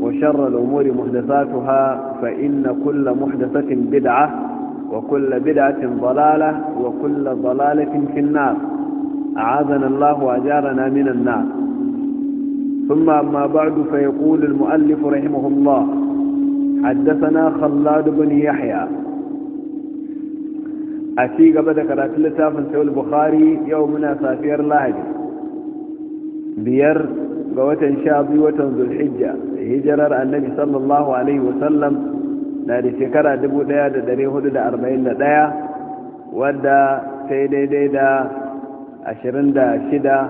وشر الأمور محدثاتها فإن كل محدثة بدعة وكل بدعة ضلالة وكل ضلالة في النار أعاذنا الله وأجارنا من النار ثم أما بعد فيقول المؤلف رحمه الله حدثنا خلاد بن يحيى أتي قبل كرات من سوى البخاري يومنا سافير لاهج بير ga watan sha biyu watan zulhijja hijirar annabi sallallahu alaihi wasallam na da shekara 1441 wadda sai daidai da 26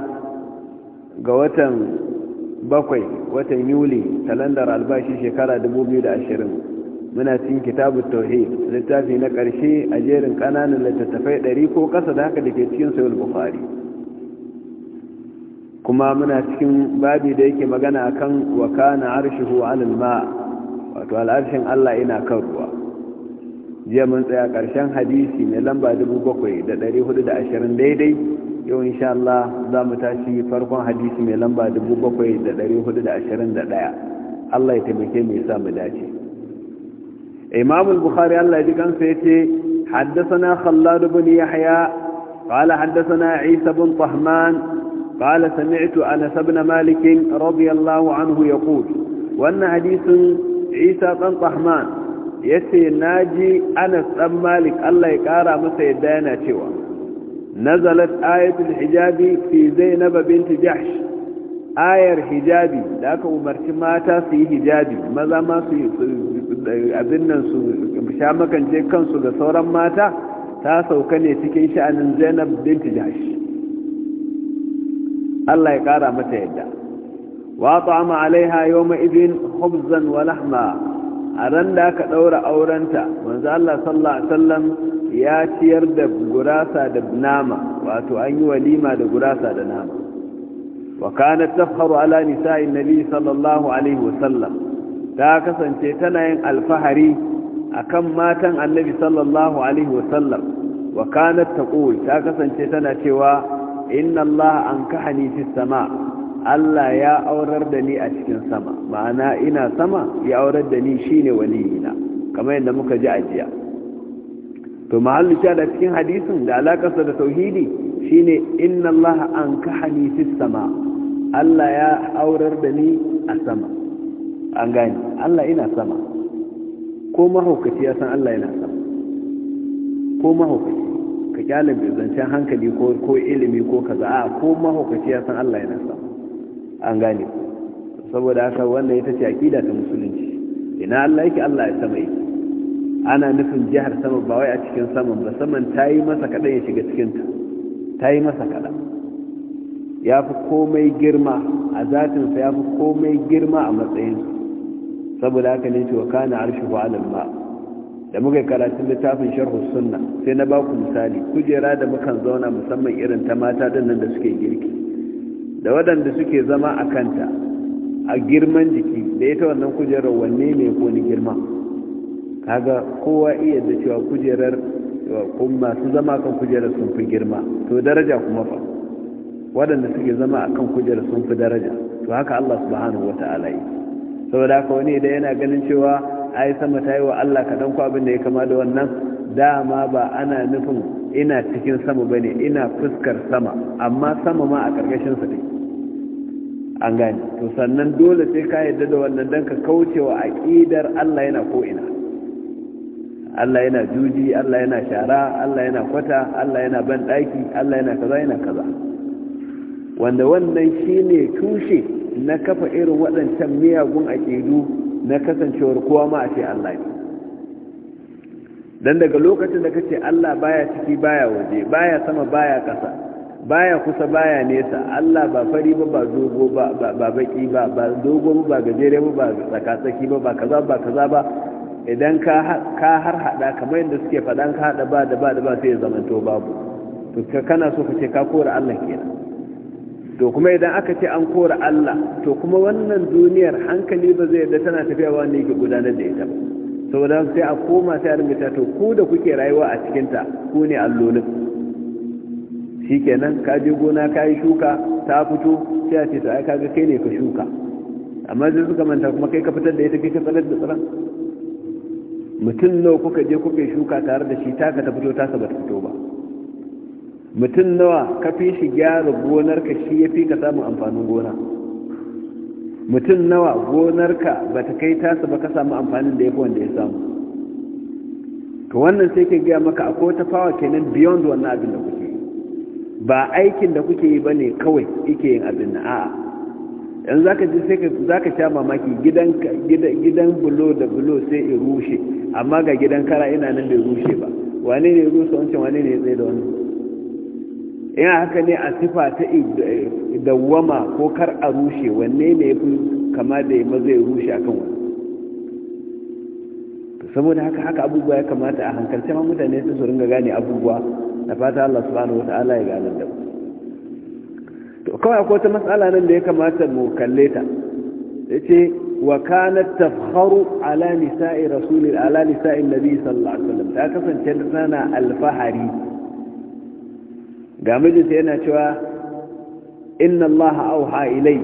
ga watan bakwai watan yuli kalandar albashi shekara 2020 muna cin kitabu tauhid littafi na ƙarshe a jerin ƙananan littattafai 100 ko ƙasa da haka da ke cikin sayul bukhari kuma muna cikin babi da yake magana akan wa kana arshuhu alal ma wato al'arshin Allah ina kan ruwa jiya mun tsaya karshen hadisi mai lamba 7420 daidai yau insha Allah za mu tashi farkon hadisi mai lamba 7421 Allah ya taimake mu ya mu dace Imam al-Bukhari Allah ya ji kansa yace حدثنا خلاد بن يحيى قال حدثنا عيسى بن طهمان قال سمعت أنس بن مالك رضي الله عنه يقول وأن حديث عيسى بن طحمان يتي ناجي أنس بن مالك الله يكارى مسيدانا شوى نزلت آية الحجاب في زينب بنت جحش آية حجابي لك أمرت ماتا في حجابي ماذا ما في أبنن شامكا جيكا سورا ماتا ta sauka ne cikin sha'anin zainab binti jashi Allah ya ƙara mata yadda wa ta'ama alaiha yawma idin khubzan wa lahma a ran da aka ɗaura aurenta manzo Allah sallallahu alaihi wasallam ya ciyar da gurasa da nama wato an yi walima da gurasa da nama wa kanat tafharu ala nisa'i nabi sallallahu alaihi wasallam ta kasance tana yin alfahari akan matan annabi sallallahu alaihi wasallam wa kanat taqul ta kasance tana cewa inna Allah an kahani fi sama Allah ya aurar da ni a cikin sama ma'ana ina sama ya aurar da ni shine waliyina kamar yadda muka ji ajiya to mahallu sha da cikin hadisin da alakarsa da tauhidi shine inna Allah an kahani fi sama Allah ya aurar da ni a sama an gani Allah ina sama ko mahaukaci ya san Allah yana sama ko mahaukaci galibi zancen hankali ko ilimi ko kaza a ko mahaukaci ya san Allah yana sa an gane saboda haka wannan ita ce akida ta musulunci ina Allah yake Allah ya sama yake ana nufin jihar sama ba wai a cikin saman ba saman ta yi masa kaɗan ya shiga cikinta ta yi masa kaɗan ya fi komai girma a zatinsa ya fi komai girma a matsayin saboda haka ne ce wa kana arshi wa alamma da muka karatun littafin sharhu sunna sai na baku misali kujera da mukan zauna musamman irin ta mata dinnan da suke girki da waɗanda suke zama a kanta a girman jiki da ita wannan kujerar wanne ne ko ni girma kaga kowa iya da cewa kujerar masu zama kan kujerar sun fi girma to daraja kuma fa waɗanda suke zama akan kan kujerar sun fi daraja to haka allah subhanahu wata'ala yi saboda haka wani idan yana ganin cewa ai sama ta yi wa Allah kaɗan ko abin da ya kama da wannan dama ba ana nufin ina cikin sama ba ne ina fuskar sama amma sama ma a ƙarƙashinsa ne an gani to sannan dole sai ka yarda da wannan don ka kauce wa aƙidar Allah yana ko'ina Allah yana juji Allah yana shara Allah yana kwata Allah yana banɗaki Allah yana kaza yana kaza wanda wannan shi ne tushe na kafa irin waɗancan miyagun aƙidu na kasancewar kowa ma a ce Allah ne dan daga lokacin da kace Allah baya ciki baya waje baya sama baya ƙasa baya kusa baya nesa Allah ba fari ba ba dogo ba ba baki ba ba dogo ba gajere ba ba tsakatsaki ba ba kaza ba kaza ba idan ka har hada kamar yadda suke faɗan ka hada ba da ba da ba sai ya zamanto babu to kana so ka ce ka kora Allah kenan to kuma idan aka ce an kora Allah to kuma wannan duniyar hankali ba zai da tana tafiya wanda yake gudanar da ita ba saboda sai a koma sai a ringa to ku da kuke rayuwa a cikin ta ku ne allolin shikenan ka je gona ka yi shuka ta fito sai a ce to ai kaga kai ne ka shuka amma sai suka manta kuma kai ka fitar da ita kai ka tsalar da tsaron mutum nawa kuka je kuka shuka tare da shi ta ka ta fito ta saba ta fito ba mutum nawa ka fi shi gyara gonarka shi ya fi ka samun amfanin gona mutum nawa gonarka ba ta kai tasa ba ka samu amfanin da ya fi wanda ya samu Ka wannan sai ke gaya maka a kowata fawa kenan beyond wannan abin da kuke yi ba aikin da kuke yi ba ne kawai ike yin abin na a'a yanzu za ka ji sai za ka sha mamaki gidan bulo da bulo sai ya rushe amma ga gidan kara ina nan bai rushe ba wane ne rusa wancan wane ne ya tsaye da wannan yana haka ne a sifa ta dawwama ko kar a rushe wanne ne ya fi kama da ya zai rushe akan wani saboda haka haka abubuwa ya kamata a hankalce ma mutane su su ringa gane abubuwa na fata Allah subhanahu wa ta'ala ya gane da to kawai akwai wata matsala nan da ya kamata mu kalle ta yace wa kanat tafkharu ala nisa'i rasulil ala nisa'in nabi sallallahu alaihi wasallam ta kasance tana alfahari ga mijinta yana cewa inna Allah auha ilai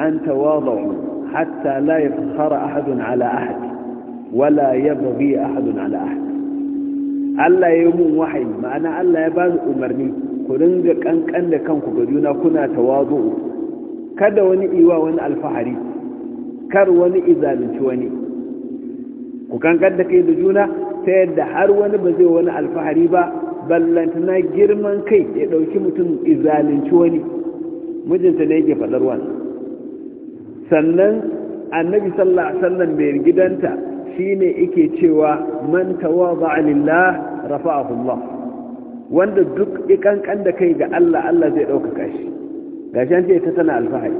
an tawadu hatta la yafkhara ahadun ala ahad wala yabghi ahadun ala ahad Allah ya mun wahayi ma'ana Allah ya bani umarni ku ringa kankan da kanku ga juna kuna tawadu kada wani iwa wani alfahari kar wani izalunci wani ku kankan da kai da juna ta yadda har wani ba zai wani alfahari ba ballantana girman kai ya ɗauki mutum izalinci wani mijinta ne yake faɗar sannan annabi sallallahu alaihi wasallam mai gidanta shine yake cewa man tawaba lillah rafa'ahu Allah wanda duk ikankan da kai ga Allah Allah zai ɗaukaka shi gashi an ce ta tana alfahari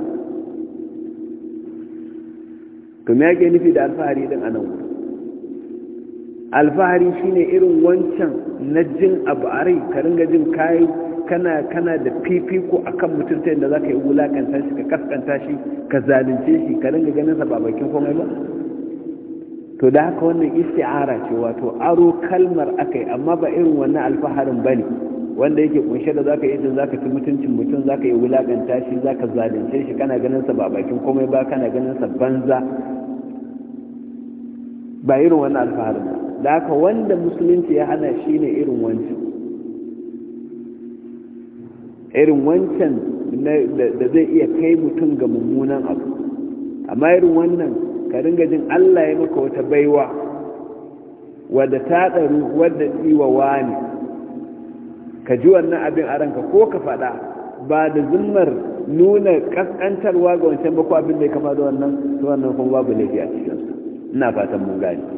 kuma yake nufi da alfahari din anan alfahari shine irin wancan na jin abu a rai ka ringa jin kayi kana kana da fifiko akan mutum ta yadda za ka yi wulakanta shi ka kaskanta shi ka zalunce shi ka ringa ganin sa babakin komai ba to da haka wannan isti'ara ce wato aro kalmar akai amma ba irin wannan alfaharin bane wanda yake kunshe da zaka yi jin zaka ci mutuncin mutum zaka yi wulakanta shi zaka zalunce shi kana ganin sa babakin komai ba kana ganin sa banza ba irin wannan alfaharin ba da aka wanda musulunci ya hana shi ne irin wancan irin wancan da zai iya kai mutum ga mummunan abu amma irin wannan ka ringa jin allah ya maka wata baiwa wadda ta ɗaru wadda tsiwawa ne ka ji wannan abin a ranka ko ka faɗa ba da zimmar nuna kaskantarwa ga wancan ko abin da ya kama da wannan su wannan kuma babu laifi a cikinsu ina fatan mun gani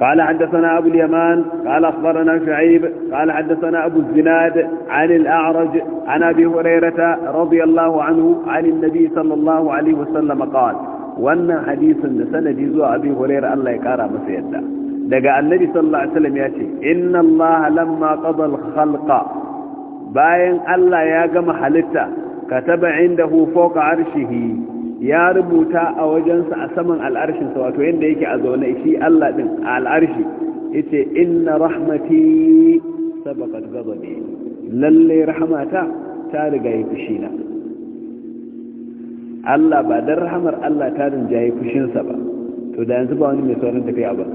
قال حدثنا أبو اليمان قال أخبرنا شعيب قال حدثنا أبو الزناد عن الأعرج عن أبي هريرة رضي الله عنه عن النبي صلى الله عليه وسلم قال وأن حديث سند زوى أبي هريرة الله يكارى مسيدا لقى النبي صلى الله عليه وسلم يأتي إن الله لما قضى الخلق باين الله يا جمع حلتا كتب عنده فوق عرشه ya rubuta a wajensa a saman al'arshinsa wato yadda yake a zaune shi Allah ɗin a al'arshi yace inna rahmati sabaqat ghadabi lalle rahmata ta riga yi fushi na Allah ba dan rahmar Allah ta rinjaye fushinsa ba to da yanzu ba wani mai saurin a ba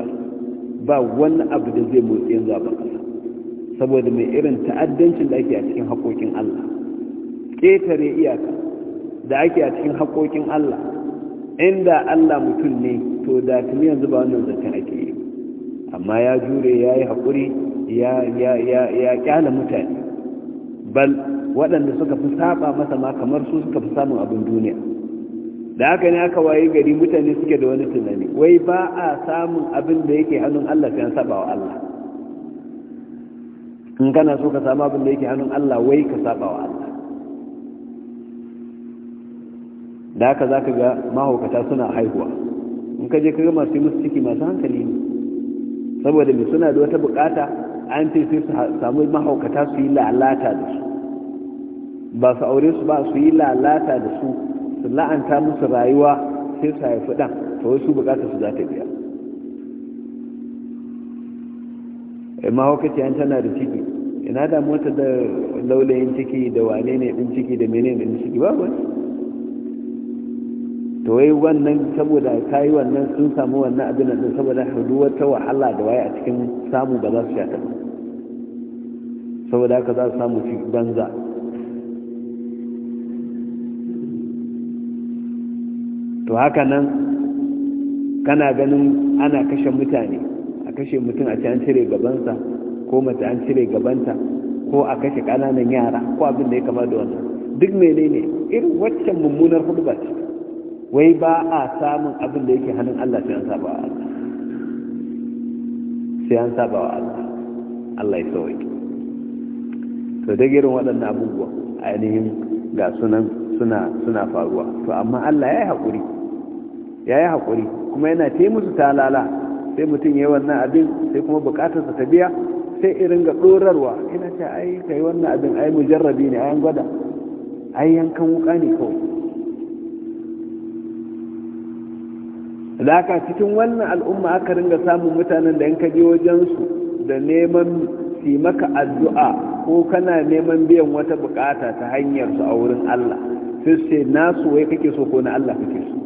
ba wani abu da zai motsi yanzu a saboda mai irin ta'addancin da ake a cikin haƙoƙin Allah ƙetare iyaka da ake a cikin haƙoƙin Allah inda Allah mutum ne to da tuni yanzu ba wannan zancen ake yi amma ya jure ya yi haƙuri ya ƙyala mutane bal waɗanda suka fi saba masa ma kamar su suka fi samun abin duniya da haka ne aka wayi gari mutane suke da wani tunani wai ba a samun abin da yake hannun Allah sai an saba wa Allah in kana so ka samu abin da yake hannun Allah wai ka saba wa Allah da haka za ka ga mahaukata suna haihuwa in ka je ka ga masu musu ciki masu hankali ne saboda mai suna da wata bukata an ce sai su samu mahaukata su yi lalata da su ba su aure su ba su yi lalata da su su la'anta musu rayuwa sai su haifi ɗan ta wasu bukata su za ta biya eh, an tana da ciki ina da mota da laulayin ciki da wane ne ɗin ciki da menene ɗin ciki ba wani to wai wannan saboda ka yi wannan sun samu wannan abin da saboda hudu wata wahala da waye a cikin samu ba za su shata saboda haka za su samu ci banza to haka nan kana ganin ana kashe mutane a kashe mutum a ce an cire gabansa ko mace an cire gabanta ko a kashe ƙananan yara ko abin da ya kama da wannan duk menene irin waccan mummunar hudu ba ce wai ba a samun abin da yake hannun Allah sai an saba wa Allah sai an saba wa Allah Allah ya sauke to da irin waɗannan abubuwa ainihin ga sunan suna suna faruwa to amma Allah ya yi haƙuri ya yi haƙuri kuma yana ta musu talala sai mutum ya yi wannan abin sai kuma buƙatarsa ta biya sai irin ga ɗorarwa ina ce ai ka yi wannan abin ai mujarrabi ne ayan gwada ai yankan wuƙa ne kawai da haka cikin wannan al'umma aka ringa samun mutanen da yanka je wajensu da neman si maka addu'a ko kana neman biyan wata bukata ta hanyar su a wurin Allah sai su ce nasu wai kake so ko na Allah kake so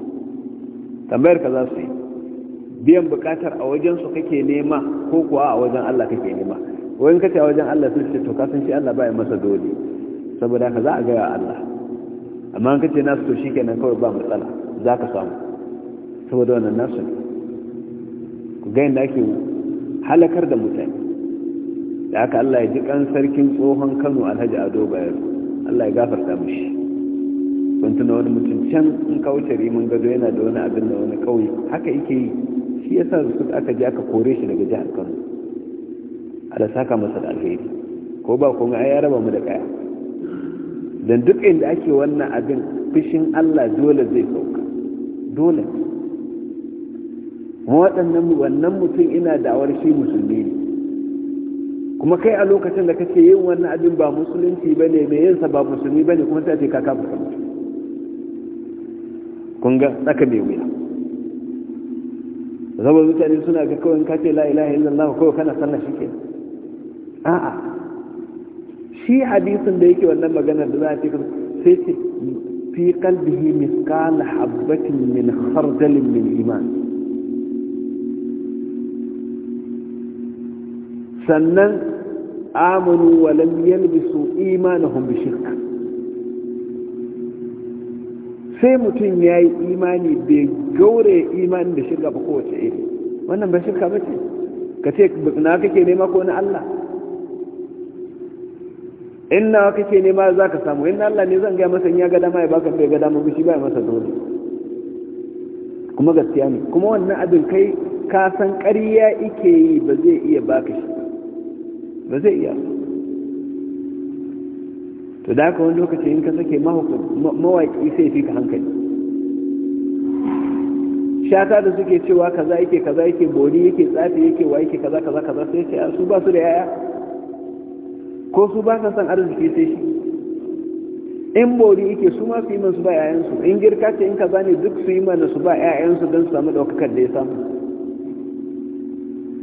tambayar ka za su yi biyan bukatar a wajensu kake nema ko kuwa a wajen Allah kake nema wani kace a wajen Allah sai su ce to ka san shi Allah bai masa dole saboda haka za a ga Allah amma kace nasu to shikenan kawai ba matsala zaka samu saboda wannan nasu ku ga yadda ake halakar da mutane da aka Allah ya ji kan sarkin tsohon Kano Alhaji Ado Bayero Allah ya gafarta mishi kun tuna wani mutum can in kauce rimin gado yana da wani abin da wani kauye haka yake yi shi yasa su aka ji aka kore shi daga jihar Kano ala saka masa da alheri ko ba kuma ai ya raba mu da kaya dan duk inda ake wannan abin fishin Allah dole zai sauka dole waɗannan wannan mutum ina da'awar shi musulmi ne kuma kai a lokacin da kake yin wannan abin ba musulunci ba ne mai yinsa ba musulmi ba ne kuma ta ce kaka fuska mutu kunga tsaka mai wuya zama mutane suna ga kawai ka ce la'ilaha illallah kawai kana sallah shi ke a'a shi hadisin da yake wannan maganar da za a ce sai ce fi kalbihi miskala habbatin min khardalin min iman sannan amanu walam yalbisu imanahum bi shirk sai mutum ya yi imani bai gaure imani da shirka ba kowace iri wannan ba shirka ba ce ka ce na kake nema ko na Allah in na kake nema za ka samu in Allah ne zan gaya masa ya ga dama ya baka bai ga dama bishi bai masa dole kuma gaskiya ne kuma wannan abin kai ka san ƙarya ike yi ba zai iya baka shi ba zai iya to da haka wani lokaci in ka sake mawaƙi sai fi ka hankali shata da suke cewa kaza yake kaza yake bori yake tsafi yake wa yake kaza kaza kaza sai ce ah, su ba su da yaya ko su ba sa san arziki sai shi in bori yake su ma su yi su ba yayansu in girka ce in kaza ne duk su yi mana su ba yayansu don su samu ɗaukakar da ya samu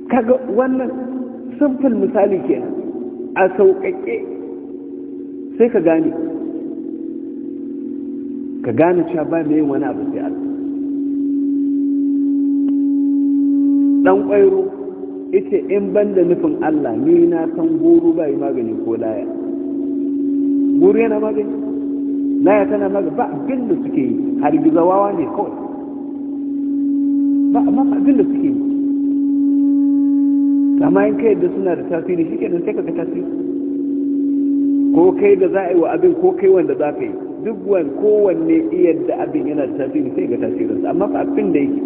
kaga wannan simple misali kenan a sauƙaƙe sai ka gane ka gane cewa ba mai wani abu sai Allah dan ƙwairo ita in ban da nufin Allah ni na san goro ba yi magani ko laya goro yana magani laya tana magani ba abin da suke yi har gizawawa ne kawai ba abin da suke yi amma in kai da suna da tasiri shi kenan sai ka ga tasiri ko kai da za a yi wa abin ko kai wanda za ka yi duk wani kowanne iya da abin yana da tasiri sai ga tasirinsa amma fa abin da yake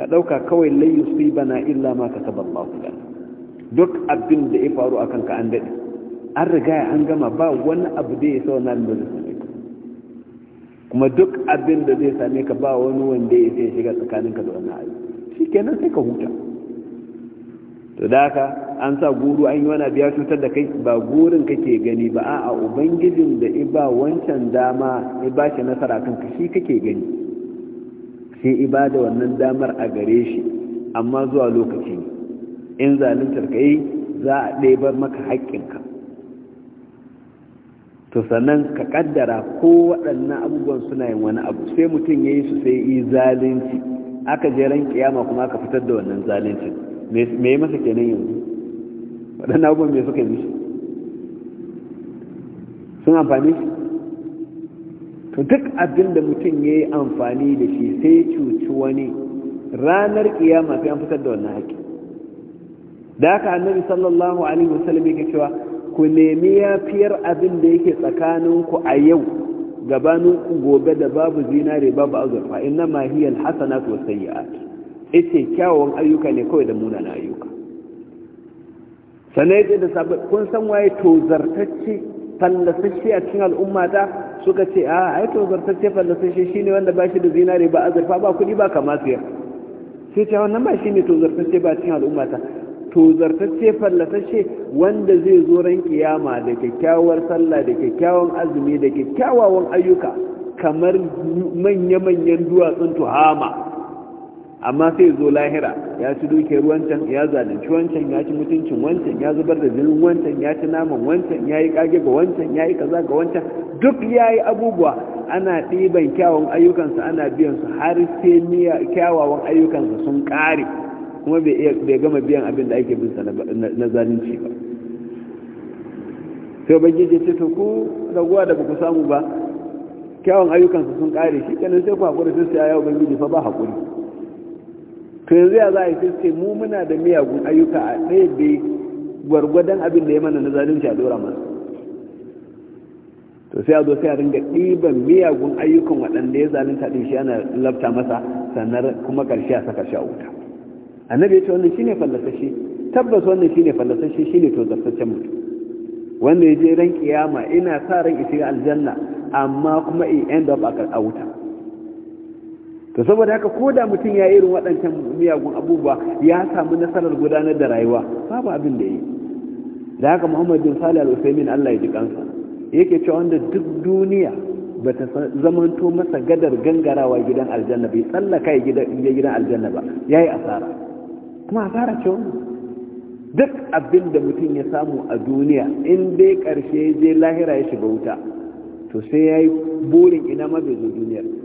ka ɗauka kawai layu su bana illa ma ka saba ba ku duk abin da ya faru a kanka an daɗe an riga an gama ba wani abu da ya sa wani abin da zai same ka kuma duk abin da zai same ka ba wani wanda ya sai shiga tsakaninka da wani abu shi kenan sai ka huta daka an sa guru an yi wani abu cutar da kai ba gurin kake gani ba a ubangijin da iba wancan dama iba shi nasara kan shi kake gani sai iba da wannan damar a gare shi amma zuwa lokaci in zaluntar ka yi za a ɗebar maka haƙƙinka to sannan ka ƙaddara ko waɗannan abubuwan suna yin wani abu sai mutum ya yi su sai yi zalunci aka je ran kiyama kuma ka fitar da wannan zaluncin me yi masa kenan yanzu waɗannan abubuwan me suka yi mishi sun amfani shi to duk abin da mutum ya yi amfani da shi sai cuci wani ranar kiyama sai an fitar da wannan haƙƙi da haka annabi sallallahu alaihi wasallam yake cewa ku nemi yafiyar abin da yake tsakaninku a yau gabanin ku gobe da babu zinare babu azurfa inna ma hiya alhasanatu wasayyi'at ita kyawawan ayyuka ne kawai da munana ayyuka sannan da sabbin kun san waye tozartacce fallasashe a cikin al'umma ta suka ce a ai tozartacce fallasashe shine wanda ba shi da zinare ba azurfa ba kuɗi ba kama siyar sai ce wannan ba shi ne tozartacce ba cikin al'umma ta tozartacce fallasashe wanda zai zo ran kiyama da kyakkyawar sallah da kyakkyawan azumi da kyakkyawan ayyuka kamar manya-manyan duwatsun tuhama amma sai zo lahira ya ci dukiyar wancan ya zalunci wancan ya ci mutuncin wancan ya zubar da jinin wancan ya ci naman wancan ya yi kage ga wancan ya yi kaza ga wancan duk ya yi abubuwa ana ɗiban kyawun ayyukansa ana biyan su har sai kyawawan ayyukansa sun ƙare kuma bai gama biyan abin da ake binsa na zalunci ba sai ubangiji ce to ku raguwa da ba ku samu ba kyawun ayyukansa sun ƙare shi kenan sai ku haƙuri sai ya yi ubangiji fa ba haƙuri to yanzu ya za a yi sai mu muna da miyagun ayyuka a ɗaya da gwargwadon abin da ya mana na zalunci a dora ma to sai a zo sai a ringa ɗiban miyagun ayyukan waɗanda ya zalunta ɗin shi ana lafta masa sannan kuma ƙarshe a saka shi a wuta annabi ya ce wannan shine fallasashe tabbas wannan shine fallasashe shine to zartaccen mutum wanda ya je ran kiyama ina sa ran shiga aljanna amma kuma in end up a wuta to saboda haka ko da mutum ya irin waɗancan miyagun abubuwa ya samu nasarar gudanar da rayuwa babu abin da yi da haka muhammad bin al-usaimin allah ya ji kansa yake cewa wanda duk duniya ba ta zamanto masa gadar gangarawa gidan aljanna bai tsallaka ya gidan aljanna ba ya yi asara kuma asara ce wani. duk abin da mutum ya samu a duniya in dai ƙarshe je lahira ya shiga wuta to sai ya yi burin ina ma bai zo duniyar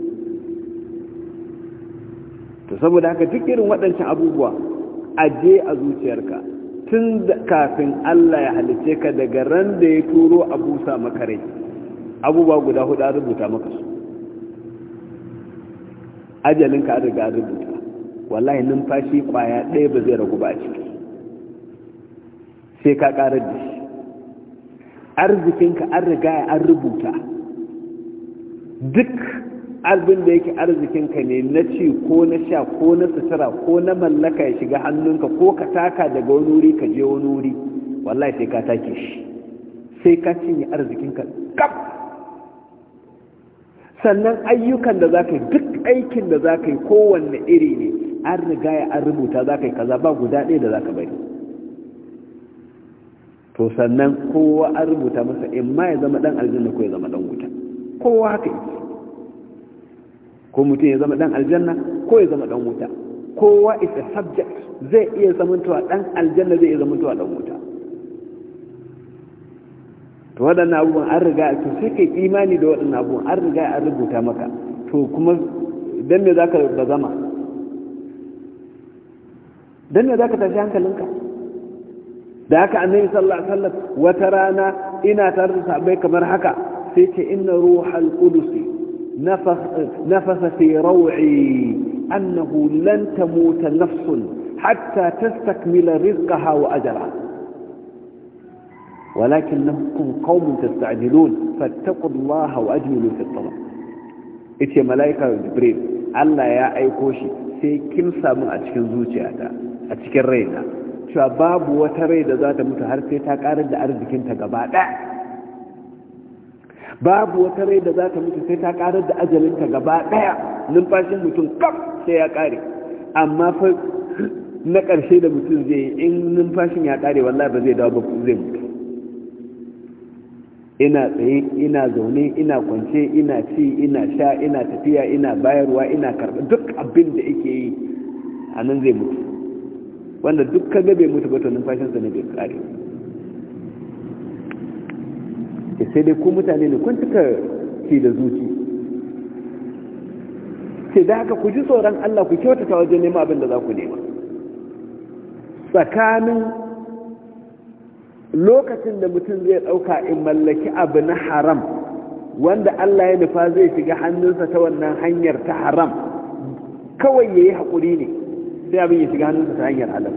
to saboda haka duk irin waɗancan abubuwa aje a zuciyarka tun kafin Allah ya halice ka daga ran da ya turo a busa maka rai abubuwa guda hudu a rubuta maka su ajalinka a riga rubuta wallahi numfashi kwaya ɗaya ba zai ragu ba a ciki sai ka ƙarar da shi arzikinka an riga an rubuta duk abin da yake arzikinka ne na ci ko na sha ko na sutura ko na mallaka ya shiga hannunka ko ka taka daga wani wuri ka je wani wuri wallahi sai ka take shi sai ka cinye arzikinka kaf sannan ayyukan da za ka yi duk aikin da za ka yi kowanne iri ne an riga ya an rubuta za ka yi kaza ba guda ɗaya da za ka bari to sannan kowa an rubuta masa in ma ya zama ɗan aljanna ko ya zama ɗan wuta kowa haka yake ko mutum ya zama dan aljanna ko ya zama dan wuta kowa is a subject zai iya zamantowa dan aljanna zai iya zamantowa dan wuta to waɗannan abubuwan an riga to sai kai imani da waɗannan abubuwan an riga an rubuta maka to kuma dan me zaka ba zama dan me zaka tashi hankalinka da haka annabi sallallahu alaihi wasallam wata rana ina tare da sahabbai kamar haka sai ce inna ruhal qudus نفث, نفث في روعي أنه لن تموت نفس حتى تستكمل رزقها وأجلها ولكنكم قوم تستعجلون فاتقوا الله وأجملوا في الطلب إتي ملائكة جبريل الله يا أيكوشي sai kin samu a cikin zuciyata a cikin raina cewa babu wata rai da za ta mutu har sai ta karar da arzikinta gaba ɗaya babu wata rai da za ta mutu sai ta karar da ta gaba daya numfashin mutum kaf! sai ya kare amma fa na karshe da mutum zai in numfashin ya kare wallahi ba zai dawo ba zai mutu ina tsaye ina zaune ina kwance ina ci ina sha ina tafiya ina bayarwa ina karɓa duk abin da yake yi a nan zai mutu wanda duk kaga bai mutu ba to numfashinsa ne bai kare ke sai dai ku mutane ne kun cika ke da zuci ce da haka ku ji tsoron Allah ku kyautata wajen nema abin da za ku nema tsakanin lokacin da mutum zai ɗauka in mallaki abu na haram wanda Allah ya nufa zai shiga hannunsa ta wannan hanyar ta haram kawai ya yi haƙuri ne sai abin ya shiga hannunsa ta hanyar halal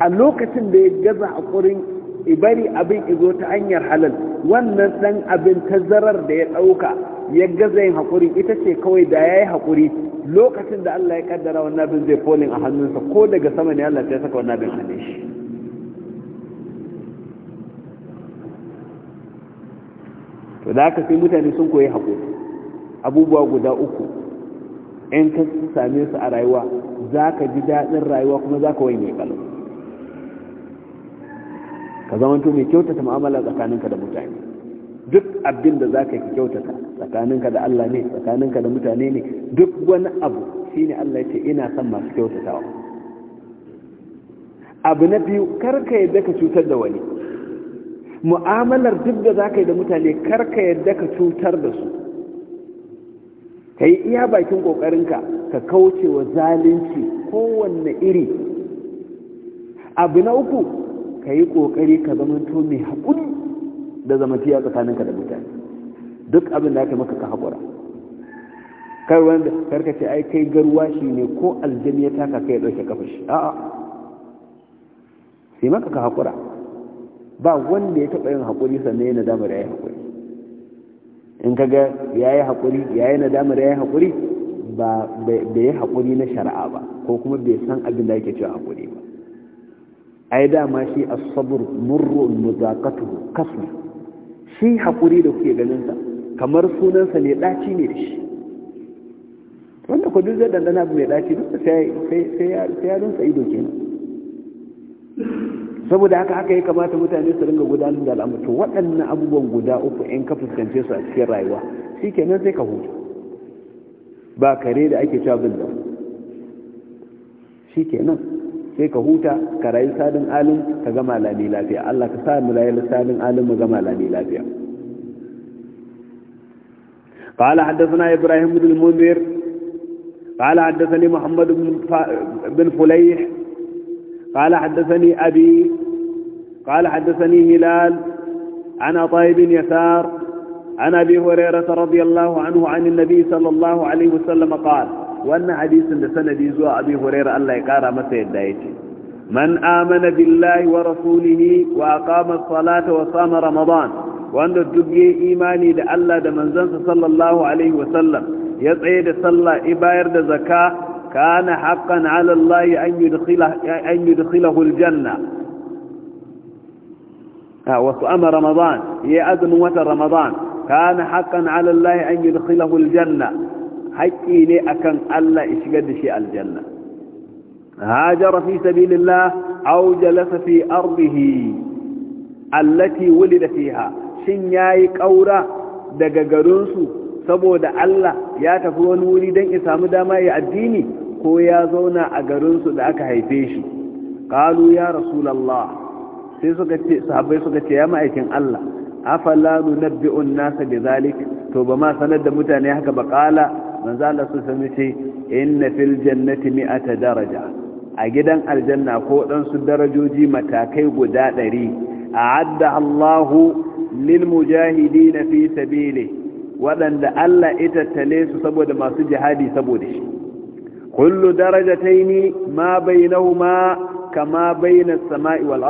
a lokacin da ya gaza haƙurin ibari abin izo ta hanyar halal wannan dan abin tazarar da ya dauka ya gaza yin hakuri ita ce kawai da yayi hakuri lokacin da Allah ya kaddara wannan abin zai folin a hannunsa ko daga sama ne Allah ya saka wannan abin a shi to da aka sai mutane sun koyi hakuri abubuwa guda uku in ka same su a rayuwa za ka ji daɗin rayuwa kuma za ka wanye kalma ka zama to mai kyautata mu'amala tsakaninka da mutane duk abin da zaka yi kyautata tsakaninka da Allah ne tsakaninka da mutane ne duk wani abu shine Allah ya ce ina son masu kyautatawa abu na biyu karka yadda ka cutar da wani mu'amalar duk da ka yi da mutane karka yadda ka cutar da su ka yi iya bakin ƙoƙarinka ka kauce wa zalunci kowanne iri abu na uku ka yi ƙoƙari ka to mai haƙuri da zamantiya tsakaninka da mutane duk abin da aka maka ka haƙura kar wanda karka ce ai kai garwashi ne ko aljani ya taka kai ya ɗauke kafashi a'a sai maka ka haƙura ba wanda ya taɓa yin haƙuri sannan yana damar ya yi haƙuri in ka ga ya yi haƙuri ya yi damar ya yi haƙuri ba bai haƙuri na shari'a ba ko kuma bai san abin da ake cewa haƙuri ba yi dama shi as-sabr murrun muzaqatuhu kasu shi hakuri da kuke ganin sa kamar sunansa ne daci ne da shi wanda ku duk zai dandana abu mai daci duk sai sai sai ya rinsa ido kenan saboda haka haka ya kamata mutane su ringa gudanar da al'amur to waɗannan abubuwan guda uku in ka fuskance su a cikin rayuwa shi kenan sai ka huta ba kare da ake cabin da shi kenan sai ka huta ka rayu sadin alim ka gama lami lafiya Allah ka sa mu rayu sadin alim mu gama lami lafiya قال حدثنا إبراهيم بن المنذر قال حدثني محمد بن فليح قال حدثني أبي قال حدثني هلال عن عطاء بن يسار عن أبي هريرة رضي الله عنه عن النبي صلى الله عليه وسلم قال wannan hadisin da sanadi zuwa abi huraira Allah ya kara masa yadda yake man amana billahi wa rasulihi wa aqama as-salata wa sama ramadan wanda duk yayi imani da Allah da manzansa sallallahu alaihi wa sallam ya tsaye da sallah ibayar da zakka kana haqqan ala Allah an yudkhilahu an yudkhilahu al-janna wasu ama ramadan ya azumin wata ramadan kana haqqan ala Allah an yudkhilahu al haƙƙi ne akan Allah ya shigar da shi aljanna hajara fi sabilillah aw jalasa fi ardihi allati wulida fiha shin yayi ƙaura daga garinsu saboda Allah ya tafi wani wuri dan ya samu dama ya addini ko ya zauna a garinsu da aka haife shi qalu ya rasulullah sai suka ce sahabbai suka ce ya ma'aikin Allah afala nunabbi'un nasa zalik to ba ma sanar da mutane haka ba qala manzo Allah su sami ce inna fil jannati mi'ata daraja a gidan aljanna ko dan su darajoji matakai guda A a'adda Allahu lil mujahidin fi sabili wadanda Allah ita tale su saboda masu jihadi saboda shi kullu darajataini ma bainahuma kama bainas sama'i wal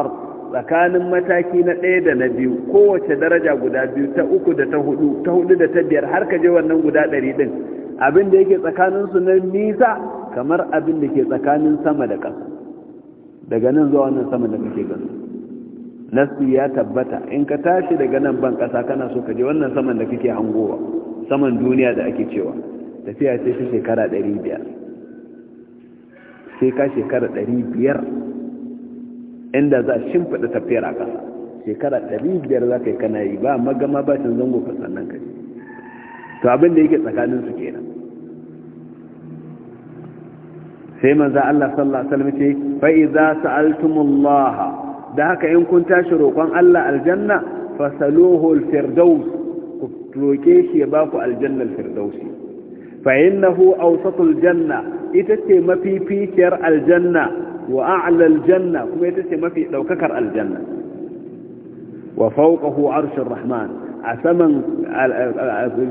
tsakanin mataki na ɗaya da na biyu kowace daraja guda biyu ta uku da ta hudu ta hudu da ta biyar har ka je wannan guda ɗari ɗin abin da yake tsakaninsu na nisa kamar abin da ke tsakanin sama da ƙasa daga nan zuwa wannan sama da kake gani nasu ya tabbata in ka tashi daga nan ban ƙasa kana so ka je wannan saman da kake hangowa saman duniya da ake cewa tafiya ce ta shekara 500 sai ka shekara 500 inda za a shimfiɗa tafiyar a ƙasa shekara 500 za ka yi kana yi ba magama ba can zango ka sannan ka to abin da yake tsakaninsu kenan sai manzo Allah sallallahu alaihi wasallam ce fa idza sa'altumullaha da haka in kun tashi roƙon Allah aljanna fasaluhu alfirdaus ku roke shi ya baku aljanna alfirdausi fa innahu awsatul janna ita ce mafificiyar aljanna wa a'la aljanna kuma ita ce mafi daukakar aljanna wa fawqahu arshur rahman a saman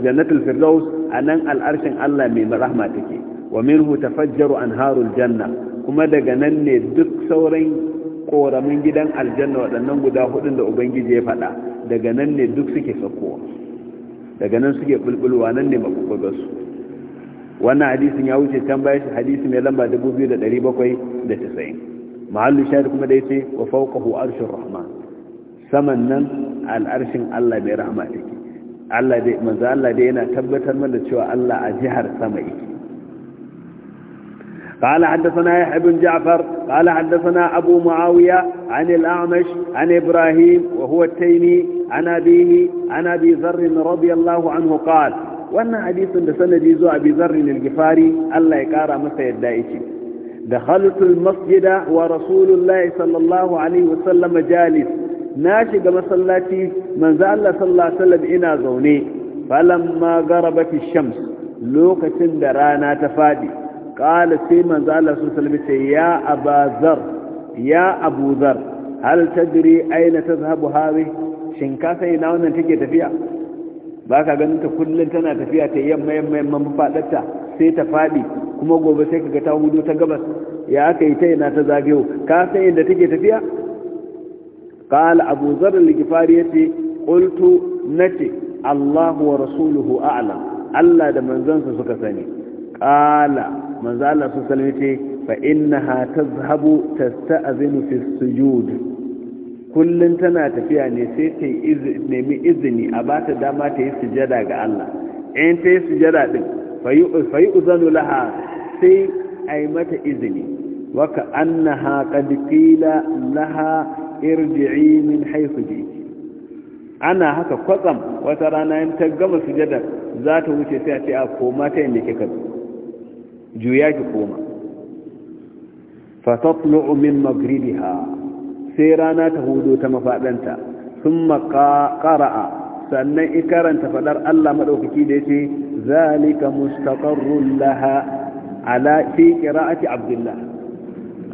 jannatul firdaus anan al'arshin Allah mai rahma take wa minhu tafajjaru anharul janna kuma daga nan ne duk sauran koramin gidan aljanna waɗannan guda hudun da ubangiji ya faɗa daga nan ne duk suke sakowa daga nan suke bulbulwa nan ne su? wannan hadisin ya wuce can bayan hadisi mai lamba 2790 mahallu shahid kuma da yace wa fawqahu arshur rahman saman nan al'arshin Allah mai rahama take Allah dai manzo Allah dai yana tabbatar mana cewa Allah a jihar sama yake قال حدثنا يحيى بن جعفر قال حدثنا أبو معاوية عن الأعمش عن إبراهيم وهو التيمي عن أبيه عن أبي ذر رضي الله عنه قال وأن حديث بسند جيزو أبي ذر الجفاري الله يقارى مسا يدائشي دخلت المسجد ورسول الله صلى الله عليه وسلم جالس ناشق مسلاتي من زال الله صلى الله عليه وسلم إنا زوني فلما غربت الشمس لوكة درانا تفادي qala sai manzo Allah sun salmi ce ya abazar ya abuzar hal tadri aina tazhabu hadhi shin ka sai ina wannan take tafiya ba ka ganin ta kullun tana tafiya ta yamma yamma yamma mafadarta sai ta fadi kuma gobe sai kaga ta hudu ta gabas ya aka yi ta ina ta zagayo ka san inda take tafiya qala abu zar al-ghifari yace qultu nace allah wa rasuluhu a'lam allah da manzansa suka sani qala manzo Allah su salmi ce fa innaha tazhabu tasta'zinu fi sujud kullun tana tafiya ne sai ta nemi izini a ba ta dama ta yi sujada ga Allah in ta yi sujada din fa yi uzanu laha sai a yi mata izini waka annaha qad qila laha irji'i min haythu ji'ti ana haka kwatsam wata rana in ta gama sujada za ta wuce sai a ce a koma ta inda kika zo juya ki koma fatatlu'u min magribiha sai rana ta hudo ta mafadanta thumma qara'a sannan i karanta fadar Allah madaukaki da yace zalika mustaqarrun laha ala fi qira'ati abdullah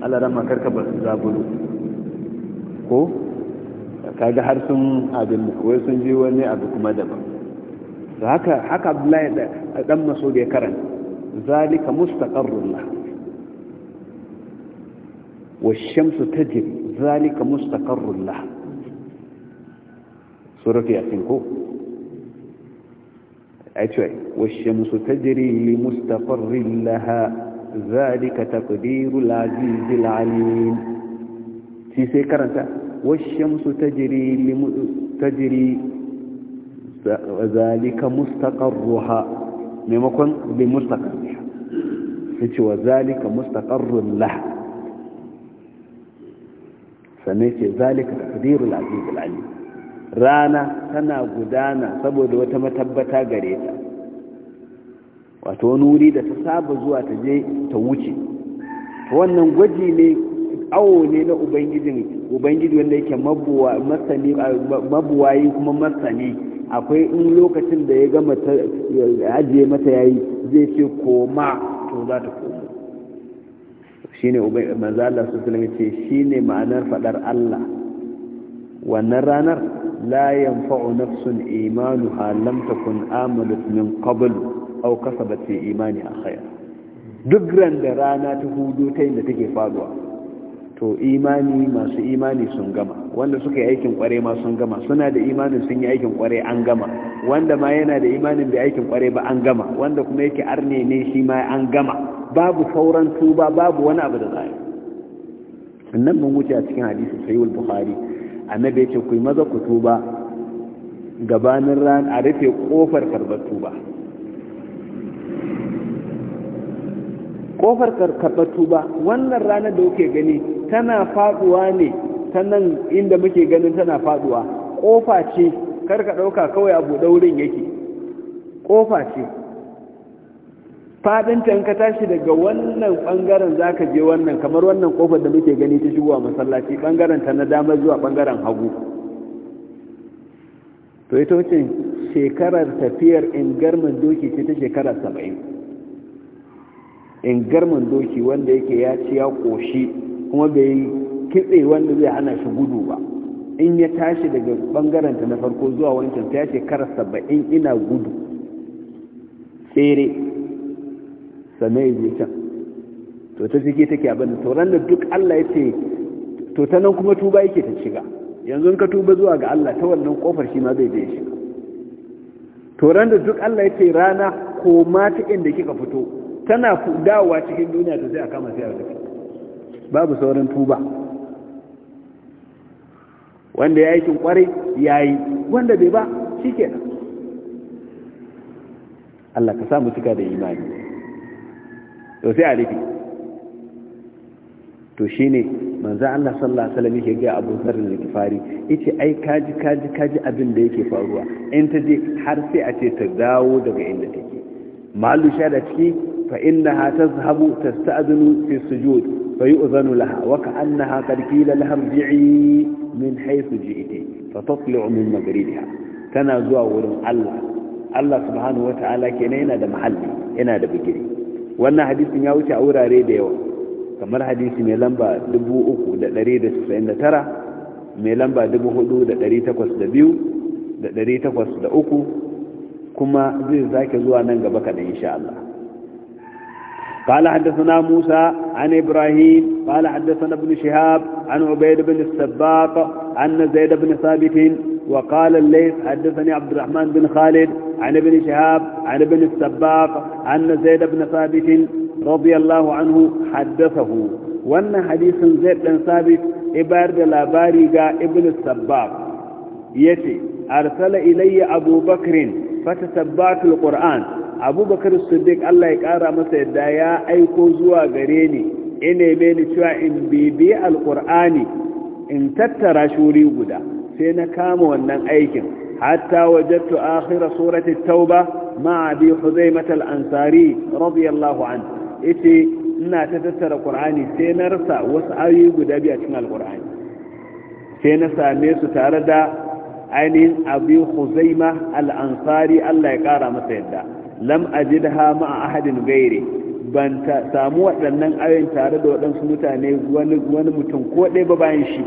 Allah ran makar ka ba zabulu ko kaga har sun abin wai sun ji wani abu kuma daban haka haka Abdullahi dan maso da ya karanta ذلك مستقر لها والشمس تجري ذلك مستقر لها سورة ياسين كو أتوي والشمس تجري لمستقر لها ذلك تقدير العزيز العليم في سيكرة والشمس تجري لم... تجري ذلك مستقرها maimakon bi mustaqar ya ce wa zalika mustaqarrun lah sannan ce zalika taqdirul aziz alim rana tana gudana saboda wata matabbata gare ta wato wani wuri da ta saba zuwa ta je ta wuce wannan gwaji ne awo ne na ubangijin ubangiji wanda yake mabuwayi kuma masani akwai in lokacin da ya gama ajiye mata yayi zai ce koma to za ta koma shine ubai manzo Allah sallallahu alaihi wasallam ce shine ma'anar fadar Allah wannan ranar la yanfa'u nafsun imanu lam takun amalat min qabl aw kasabat fi a duk ran da rana ta hudu ta inda take faduwa to imani masu imani sun gama wanda suka yi aikin kware ma sun gama suna da imanin sun yi aikin kware an gama wanda ma yana da imanin bai aikin kware ba an gama wanda kuma yake arne ne shi ma an gama babu sauran tuba babu wani abu da zai sannan mun wuce a cikin hadisi sahihul bukhari annabi yace ku maza ku tuba gabanin ran a rufe kofar karbar tuba kofar karbar tuba wannan ranar da kuke gani tana faduwa ne ta nan inda muke ganin tana faduwa kofa ce karka dauka kawai abu daurin yake kofa ce fadinta in ka tashi daga wannan bangaren zaka je wannan kamar wannan kofar da muke gani ta shigowa masallaci bangaren ta na dama zuwa bangaren hagu to ita shekarar tafiyar ingarman doki ce ta shekarar saba'in ingarman doki wanda yake ya ci ya koshi kuma bai kitse wanda zai hana shi gudu ba in ya tashi daga bangaranta na farko zuwa wancan ta yace kar saba'in ina gudu tsere sanai yi can to ta cike take abin da sauran da duk allah ya ce to ta nan kuma tuba yake ta shiga yanzu in ka tuba zuwa ga allah ta wannan kofar shi ma zai je shiga to da duk allah ya ce rana ko ma ta inda kika fito tana dawowa cikin duniya ta sai a kama sai a tafi babu sauran tuba wanda ya yi kin kwarai ya yi wanda bai ba shi kenan Allah ka samu cika da imani to sai a rufi to shi ne manzan Allah sallallahu salami ke yake ga abokar da kifari ita ai kaji kaji kaji abin da yake faruwa in ta je har sai a ce ta dawo daga inda take malu sha da ciki fa zahabu ta tasta'dinu fi sujudu فيؤذن لها وكأنها قد قيل لها ارجعي من حيث جئتي فتطلع من مغربها تنا زوا ورن الله الله سبحانه وتعالى كان هنا ده محلي هنا ده بجري وانا حديث يا wuce اوراري ده da كما حديث مي لمبا lamba مي لمبا 4,802 da 803 kuma zai zake zuwa nan gaba kada insha Allah قال حدثنا موسى عن إبراهيم قال حدثنا ابن شهاب عن عبيد بن السباق عن زيد بن ثابت وقال الليث حدثني عبد الرحمن بن خالد عن ابن شهاب عن ابن السباق عن زيد بن ثابت رضي الله عنه حدثه وأن حديث زيد بن ثابت إبارد لاباري ابن السباق يتي أرسل إلي أبو بكر فتتبعت القرآن abubakar siddiq allah ya kara masa yadda ya aiko zuwa gare ni ina ni cewa in bibi alkur'ani in tattara shuri guda sai na kama wannan aikin hatta wajattu akhira surati tauba ma bi huzaimat al-ansari radiyallahu an yace ina ta tattara qur'ani sai na rasa wasu ayoyi guda biyu a cikin alkur'ani sai na same su tare da ainihin abi huzaima al-ansari Allah ya kara masa yadda lam ajidha ma'a ahadin gairi ban samu waɗannan ayoyin tare da waɗansu mutane wani mutum ko ɗaya ba bayan shi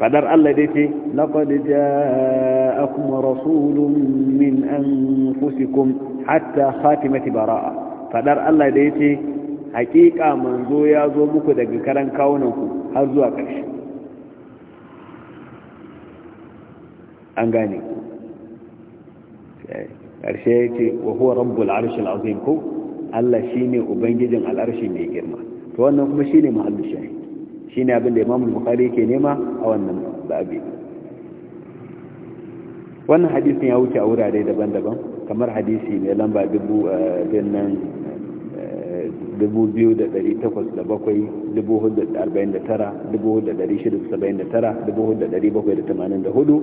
fadar Allah dai ce laqad ja'akum rasulun min anfusikum hatta khatimati bara'a fadar Allah dai ce hakika manzo ya zo muku daga karan kawunanku har zuwa ƙarshe an gane ƙarshe ya ce wa huwa rabbul arshil azim ko Allah shine ubangijin al'arshi mai girma to wannan kuma shine mahallu shahi shine abin da Imam Bukhari yake nema a wannan babi wannan hadisin ya wuce a wurare daban-daban kamar hadisi mai lamba dubu dubu dubu dubu dubu biyu da da da da da da da da takwas bakwai bakwai arba'in tara, tara, saba'in da tamanin da hudu.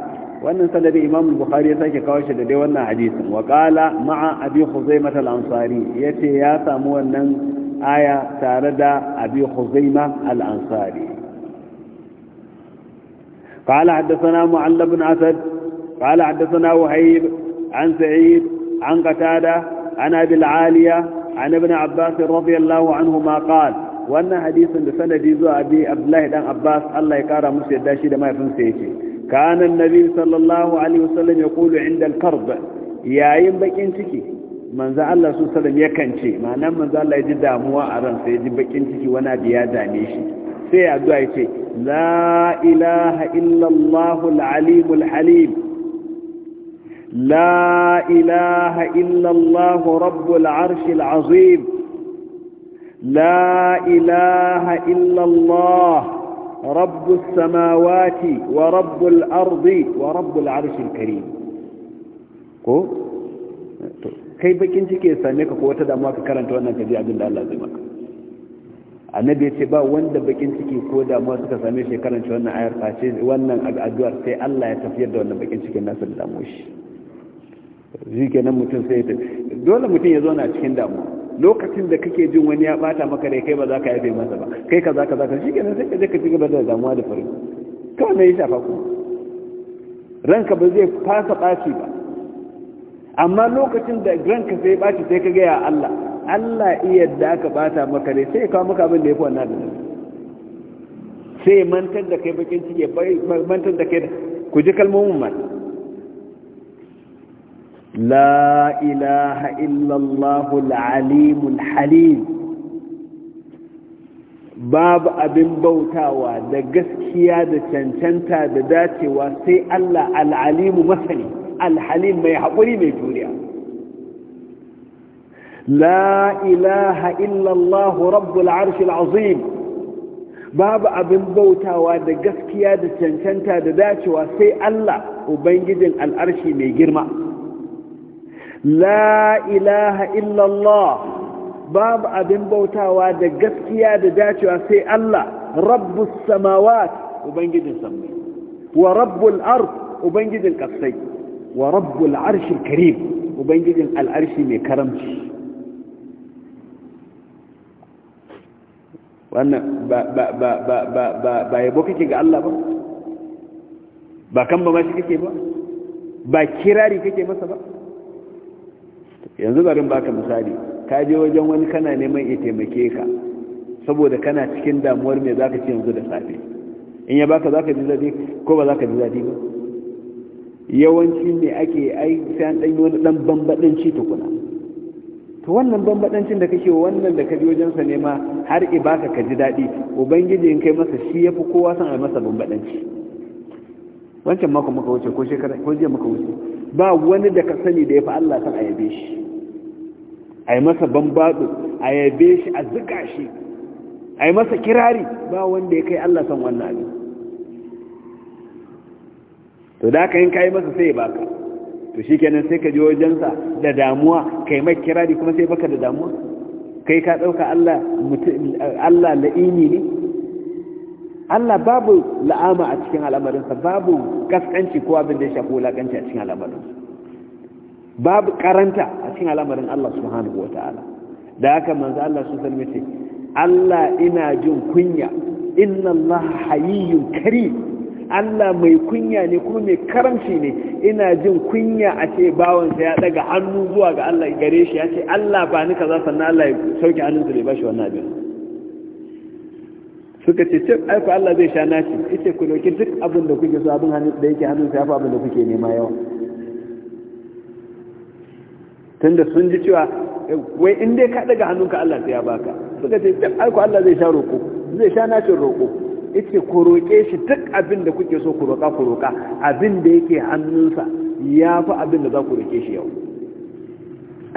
wannan sanadin imam bukhari ya sake kawo shi da dai wannan hadisin wa qala ma'a abi khuzaima al ansari yace ya samu wannan aya tare da abi khuzaima al ansari qala haddathana mu'alla bin asad qala haddathana wahib an sa'id an qatada an abi al aliya an ibn abbas radiyallahu anhuma qala wannan hadisin da sanadi zuwa abi abdullahi dan abbas Allah ya kara musu yadda shi da mafinsa yake كان النبي صلى الله عليه وسلم يقول عند الكرب يا ينبكين تكي من ذا الله صلى الله عليه وسلم يكنشي معنى من ذا الله يجد داموا أرن سيجبكين تكي وانا بيادا ميشي سيأدوا يتي لا إله إلا الله العليم الحليم لا إله إلا الله رب العرش العظيم لا إله إلا الله رب السماوات ورب الأرض ورب العرش الكريم ko kai bakin ciki ya same ka ko wata damuwa ka karanta wannan kaji abin da Allah zai maka annabi ya ce ba wanda bakin ciki ko damuwa suka same shi karanta wannan ayar face wannan addu'ar sai Allah ya tafiyar da wannan bakin cikin nasa da damuwa shi shi kenan mutum sai ya tafi dole mutum ya zo na cikin damuwa lokacin da kake jin wani ya bata maka da kai ba za ka yafe masa ba kai kaza kaza ka shikenan sai ka je ka ci gaba da damuwa da farin kawai na ya shafa ku ranka ba zai fasa baci ba amma lokacin da ranka sai baci sai ka ga ya Allah Allah iya da aka bata maka ne sai kawo maka abin da yafi wannan da sai mantar da kai bakin ciki mantar da kai ku ji kalmomin mata لا إله إلا الله العليم الحليم باب أبن بوتاوى دا قسكيا دا تنتنتا دا داتي وسي الله العليم مثلي الحليم ما يحقوني من جوريا لا إله إلا الله رب العرش العظيم babu abin bautawa da gaskiya da cancanta da dacewa sai Allah Ubangijin al'arshi mai girma la ilaha illallah babu abin bautawa da gaskiya da dacewa sai Allah rabbus samawat ubangijin sammai wa Rabbu rabbul ard ubangijin kasai wa Rabbu rabbul arshil karim ubangijin al'arshi mai karamci wannan ba yabo kake ga Allah ba ba kan ba ma shi kake ba ba kirari kake masa ba yanzu bari baka misali ka je wajen wani kana neman ya taimake ka saboda kana cikin damuwar me zaka ci yanzu da safe in ya baka zaka ji dadi ko ba zaka ji dadi ba yawanci ne ake ai sai an dan wani dan ci tukuna to wannan bambadancin da kake wannan da ka ji wajen sa nema har i baka ka ji dadi ubangiji in kai masa shi yafi kowa san ai masa bambadanci wancan mako muka wuce ko shekara ko jiya muka wuce ba wani da ka sani da yafi Allah san ayyabe shi a yi masa bambaɗo a yabe shi a zuka shi a yi masa kirari ba wanda ya kai Allah san wannan abin to da ka yin kai masa sai baka to shi kenan sai ka ji wajensa da damuwa kai mai kirari kuma sai baka da damuwa kai ka ɗauka Allah Allah la'ini ne Allah babu la'ama a cikin al'amarinsa babu kaskanci ko abin da ya shafi wulakanci a cikin al'amarinsa babu karanta a cikin al'amarin Allah subhanahu wa ta'ala da haka manzo Allah su salme ce Allah ina jin kunya inna Allah hayyun kari Allah mai kunya ne kuma mai karamci ne ina jin kunya a ce bawansa ya daga hannu zuwa ga Allah gare shi ya ce Allah ba ni kaza sannan Allah ya sauke hannunsa ya bashi wannan abin suka ce ce aiko Allah zai sha nashi ita ku dauki duk abin da kuke so abin da yake sa ya fi abin da kuke nema yawa tunda sun ji cewa eh, wai in dai ka daga hannunka Allah sai ya baka suka ce duk aiko Allah zai sha roko zai sha nashin roko ita ku roke shi duk abin da kuke so ku roka ku roka abin da yake hannunsa ya fi abin da za ku roke shi yau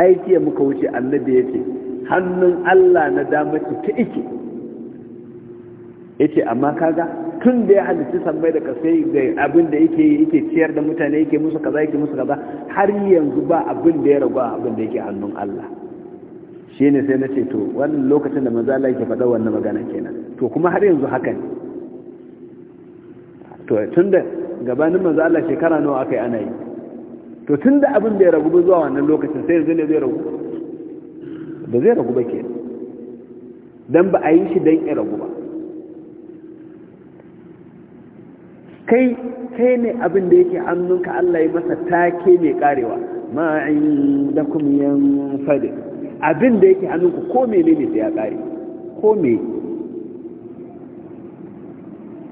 aiki ya muka wuce annabi yace hannun Allah na dama ta ike yace amma kaga tun da ya halitta sammai da kasai da abin da yake yake ciyar da mutane yake musu kaza yake musu kaza har yanzu ba abin da ya ragu abin da yake hannun Allah shi ne sai na ce to wannan lokacin da manzo Allah yake faɗa wannan magana kenan to kuma har yanzu haka ne to tunda gabanin manzo Allah shekara nawa akai ana yi to tunda abin da ya ragu zuwa wannan lokacin sai yanzu ne zai ragu ba zai ragu ba kenan dan ba a yi shi dan ya ragu ba kai kai ne abin da yake annunka Allah ya masa take mai karewa ma indakum yanfad abin da yake annunku ko menene sai ya kare ko me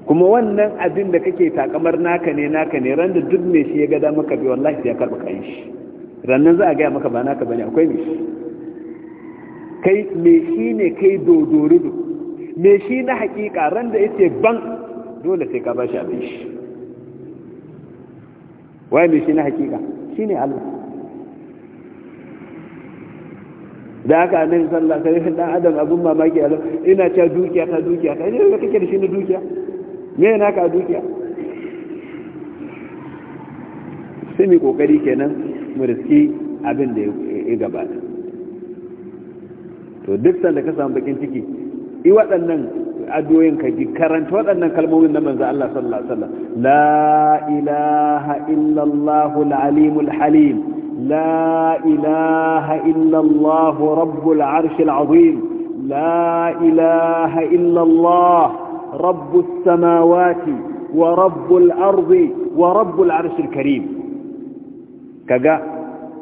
kuma wannan abin da kake takamar naka ne naka ne ran da duk me shi ya gada maka bi wallahi sai ya karba kayan shi rannan za a gaya maka ba naka bane akwai me shi kai me shi ne kai dodoridu. Me shi na hakika ran da yace ban dole sai ka ba shi abin shi waye mai shi na hakika shi ne Allah da aka a nan sallah sai dan adam abun mamaki a ina ta dukiya ta dukiya ta ne da kake da shi na dukiya me yana ka dukiya sai mai kokari kenan mu riski abin da ya gabata to duk sanda ka samu bakin ciki i waɗannan adoyin ka ji karanta waɗannan kalmomin na manzo Allah sallallahu alaihi wasallam la ilaha illallah al halim la ilaha illallah rabbul arshil azim la ilaha illallah rabbus samawati wa rabbul ardi wa rabbul arshil karim kaga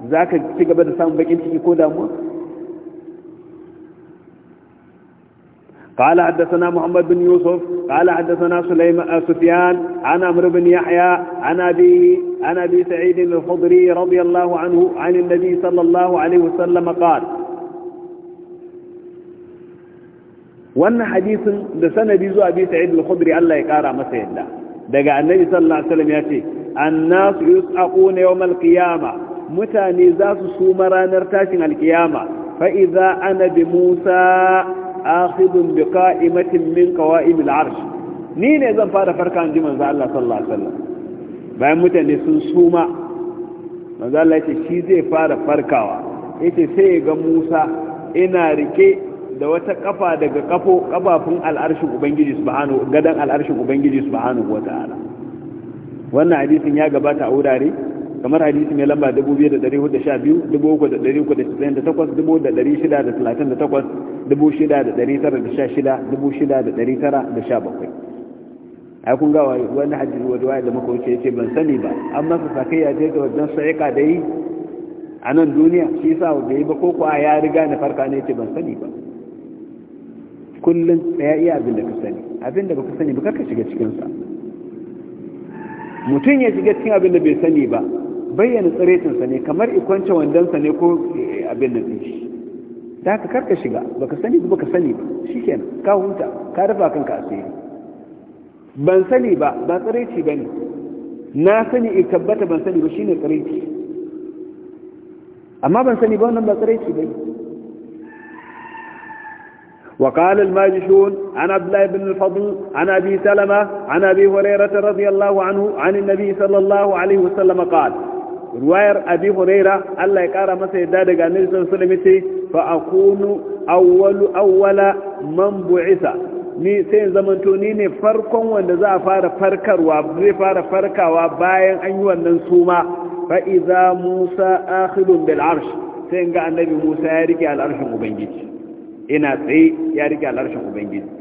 zaka ci gaba da samun bakin ciki ko damuwa قال حدثنا محمد بن يوسف قال حدثنا آه، سفيان عن عمرو بن يحيى عن ابي عن ابي سعيد الخضري رضي الله عنه عن النبي صلى الله عليه وسلم قال وان حديث لسند بيزو ابي سعيد الخضري الله ما سيدنا دقى النبي صلى الله عليه وسلم ياتي الناس يسعقون يوم القيامه متاني ذات سومران ارتاشن القيامه فاذا انا بموسى akhidun bi qa'imatin min qawa'imil arsh ni ne zan fara farka ji manzo Allah sallallahu alaihi wasallam bayan mutane sun suma manzo Allah yace shi zai fara farkawa yace sai ga Musa ina rike da wata kafa daga kafo kafafun al'arshin ubangiji subhanahu gadan al'arshin ubangiji subhanahu wataala wannan hadisin ya gabata a wurare kamar hadisi mai lamba 2412 a kun ga wani hadisi wani waya da makon ce ce ban sani ba an masa ya ce ga wajen sa'ika da yi a nan duniya shi sa wanda yi ba ko kuwa ya riga na farka ne ce ban sani ba kullum tsaya iya abin da ka sani abin da ba ka sani ba karka shiga cikinsa mutum ya shiga cikin abin da bai sani ba bayyana tsiretinsa ne kamar ikwance wandonsa ne ko abin nan shi da ka karka shiga baka sani ba baka sani ba shikenan ka hunta ka rufa kanka a tsaye ban sani ba ba tsireci bane na sani in tabbata ban sani ba shine tsareci amma ban sani ba wannan ba tsireci bane وقال الماجشون عن عبد الله بن الفضل عن أبي سلمة عن أبي هريرة رضي الله عنه عن النبي صلى الله عليه وسلم قال ruwayar abi huraira Allah ya kara masa yadda daga annabi sallallahu alaihi wasallam sai fa akunu awwalu awwala man bu'isa ni sai zamanto ni ne farkon wanda za a fara farkarwa zai fara farkawa bayan an yi wannan suma fa idza musa akhidun bil arsh sai ga annabi musa ya rike arshin ubangiji ina tsaye ya rike arshin ubangiji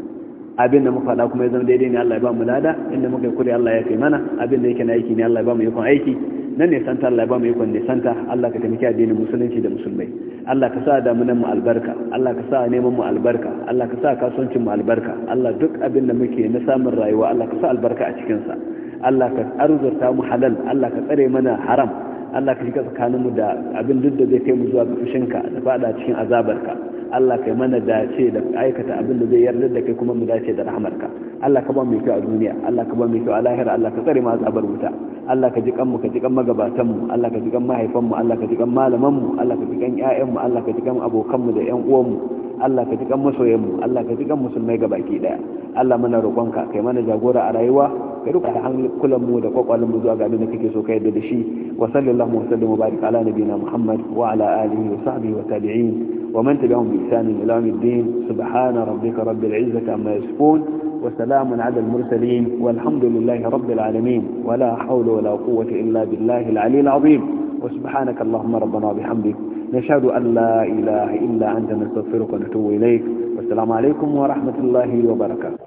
abin da muka faɗa kuma ya zama daidai ne Allah ya ba mu lada inda muka yi kure Allah ya kai mana abin da yake na aiki ne Allah ya ba mu yakon aiki na nisanta Allah ya ba mu yakon nisanta Allah ka taimaki addinin musulunci da musulmai Allah ka sa damunan mu albarka Allah ka sa neman mu albarka Allah ka sa kasuwancin mu albarka Allah duk abin da muke na samun rayuwa Allah ka sa albarka a cikin sa Allah ka arzurta mu halal Allah ka tsare mana haram Allah ka shiga tsakaninmu da abin duk da zai kai mu zuwa ga fushinka da fada cikin azabarka Allah kai mana dace da aikata abin da zai yarda da kai kuma mu dace da rahmarka Allah ka ba mu kyau a duniya Allah ka ba mu kyau a lahira Allah ka tsare mu azabar wuta Allah ka ji kanmu ka ji kan magabatan mu Allah ka ji kan mahaifan mu Allah ka ji kan malaman mu Allah ka ji kan ƴaƴan mu Allah ka ji kan abokan mu da ƴan uwan mu Allah ka ji kan masoyan mu Allah ka ji kan musulmai gabaki daya Allah muna roƙonka kai mana jagora a rayuwa ka duka da hankulan mu da kwakwalan mu zuwa ga abin da kake so ka yarda da shi wa sallallahu wa sallam wa barik ala nabiyina Muhammad wa ala alihi wa sahbihi wa tabi'in ومن تبعهم بإحسان إلى يوم الدين سبحان ربك رب العزة عما يصفون وسلام على المرسلين والحمد لله رب العالمين ولا حول ولا قوة إلا بالله العلي العظيم وسبحانك اللهم ربنا وبحمدك نشهد أن لا إله إلا أنت نستغفرك ونتوب إليك والسلام عليكم ورحمة الله وبركاته